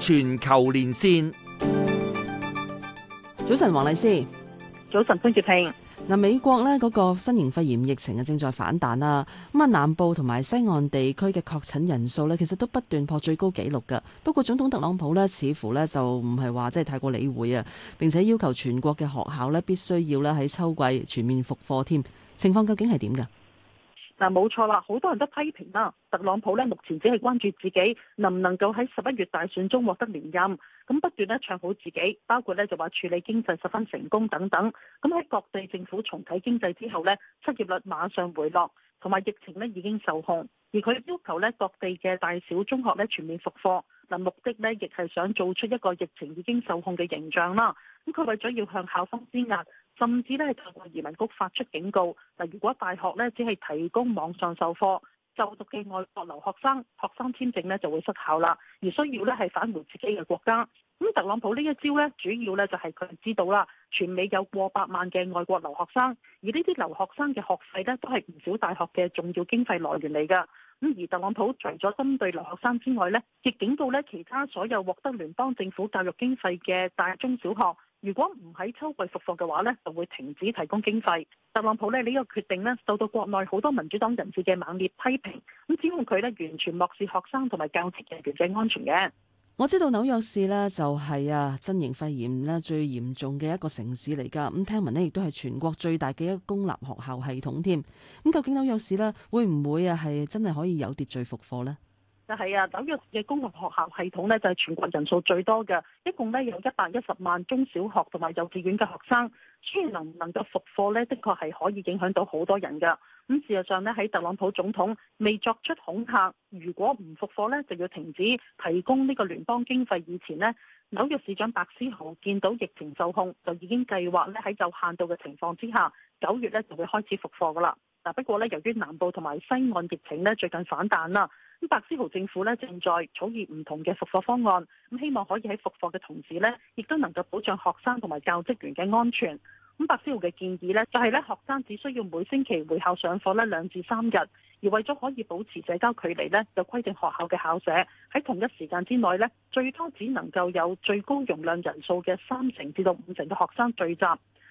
全球連線，早晨，黃麗施，早晨潘潔平。嗱，美國呢嗰個新型肺炎疫情啊，正在反彈啦。咁啊，南部同埋西岸地區嘅確診人數呢，其實都不斷破最高紀錄噶。不過，總統特朗普呢，似乎呢就唔係話真係太過理會啊，並且要求全國嘅學校呢必須要呢喺秋季全面復課添。情況究竟係點噶？嗱，冇錯啦，好多人都批評啦，特朗普咧目前只係關注自己能唔能夠喺十一月大選中獲得連任，咁不斷咧唱好自己，包括咧就話處理經濟十分成功等等。咁喺各地政府重啟經濟之後咧，失業率馬上回落，同埋疫情咧已經受控。而佢要求咧各地嘅大小中學咧全面復課，嗱，目的咧亦係想做出一個疫情已經受控嘅形象啦。咁佢為咗要向校方施壓。甚至咧，就向移民局發出警告。嗱，如果大學咧只係提供網上授課，就讀嘅外國留學生學生簽證咧就會失效啦，而需要咧係返回自己嘅國家。咁特朗普呢一招咧，主要咧就係佢知道啦，全美有過百萬嘅外國留學生，而呢啲留學生嘅學費咧都係唔少大學嘅重要經費來源嚟㗎。咁而特朗普除咗針對留學生之外咧，亦警告咧其他所有獲得聯邦政府教育經費嘅大中小學。如果唔喺秋季復課嘅話呢就會停止提供經費。特朗普呢，呢個決定咧，受到國內好多民主黨人士嘅猛烈批評。咁，指控佢呢完全漠視學生同埋教職人員嘅安全嘅。我知道紐約市呢，就係啊，新型肺炎咧最嚴重嘅一個城市嚟噶。咁聽聞咧，亦都係全國最大嘅一個公立學校系統添。咁究竟紐約市呢，會唔會啊係真係可以有秩序復課呢？就係啊！紐約嘅公立學校系統咧，就係全國人數最多嘅，一共咧有一百一十萬中小學同埋幼稚園嘅學生。雖然能唔能夠復課咧，的確係可以影響到好多人㗎。咁事實上咧，喺特朗普總統未作出恐嚇，如果唔復課咧，就要停止提供呢個聯邦經費以前呢，紐約市長白思豪見到疫情受控，就已經計劃咧喺有限度嘅情況之下，九月咧就會開始復課噶啦。嗱不過咧，由於南部同埋西岸疫情呢，最近反彈啦。白思豪政府咧，正在草擬唔同嘅復課方案，咁希望可以喺復課嘅同時咧，亦都能夠保障學生同埋教職員嘅安全。咁白思豪嘅建議咧、就係，就係咧學生只需要每星期回校上課咧兩至三日，而為咗可以保持社交距離咧，就規定學校嘅校舍喺同一時間之內咧，最多只能夠有最高容量人數嘅三成至到五成嘅學生聚集。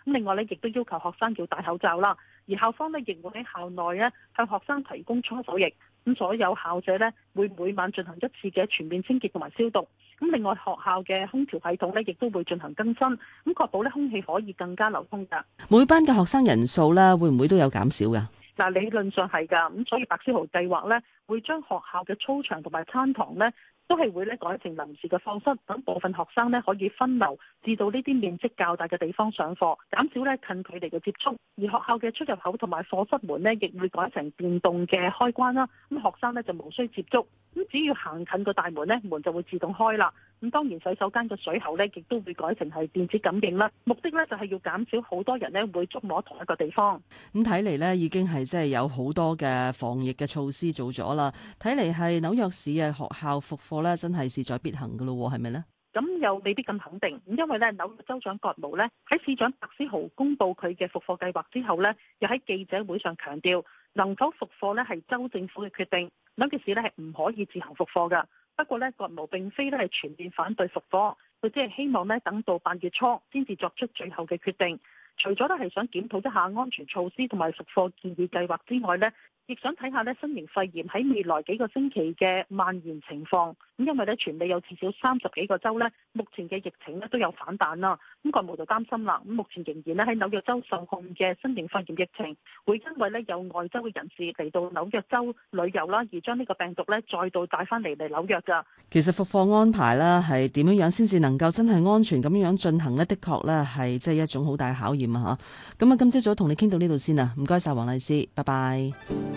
咁另外咧，亦都要求學生要戴口罩啦。而校方咧，亦會喺校內咧向學生提供搓手液。咁所有校舍咧，會每晚進行一次嘅全面清潔同埋消毒。咁另外，學校嘅空調系統咧，亦都會進行更新，咁確保咧空氣可以更加流通噶。每班嘅學生人數咧，會唔會都有減少噶？嗱，理論上係㗎。咁所以白思豪計劃咧，會將學校嘅操場同埋餐堂咧。都係會咧改成臨時嘅課室，等部分學生咧可以分流至到呢啲面積較大嘅地方上課，減少咧近距離嘅接觸。而學校嘅出入口同埋課室門咧，亦會改成電動嘅開關啦。咁學生咧就無需接觸，咁只要行近個大門咧，門就會自動開啦。咁當然洗手間嘅水喉咧，亦都會改成係電子感應啦。目的咧就係要減少好多人咧會觸摸同一個地方。咁睇嚟咧，已經係即係有好多嘅防疫嘅措施做咗啦。睇嚟係紐約市嘅學校復課咧，真係事在必行噶咯，係咪咧？咁又未必咁肯定，咁因為咧紐約州長葛謨咧喺市長白思豪公布佢嘅復課計劃之後咧，又喺記者會上強調，能否復課咧係州政府嘅決定。紐約市咧係唔可以自行復課噶。不過呢，國務並非都係全面反對復課，佢只係希望呢，等到八月初先至作出最後嘅決定。除咗呢，係想檢討一下安全措施同埋復課建議計劃之外呢。亦想睇下咧，新型肺炎喺未來幾個星期嘅蔓延情況，咁因為咧全地有至少三十幾個州咧目前嘅疫情咧都有反彈啦，咁國務就擔心啦，咁目前仍然咧喺紐約州受控嘅新型肺炎疫情，會因為咧有外州嘅人士嚟到紐約州旅遊啦，而將呢個病毒咧再度帶翻嚟嚟紐約噶。其實復課安排啦，係點樣樣先至能夠真係安全咁樣樣進行呢？的確咧係即係一種好大嘅考驗啊！吓，咁啊今朝早同你傾到呢度先啊，唔該晒黃麗施，拜拜。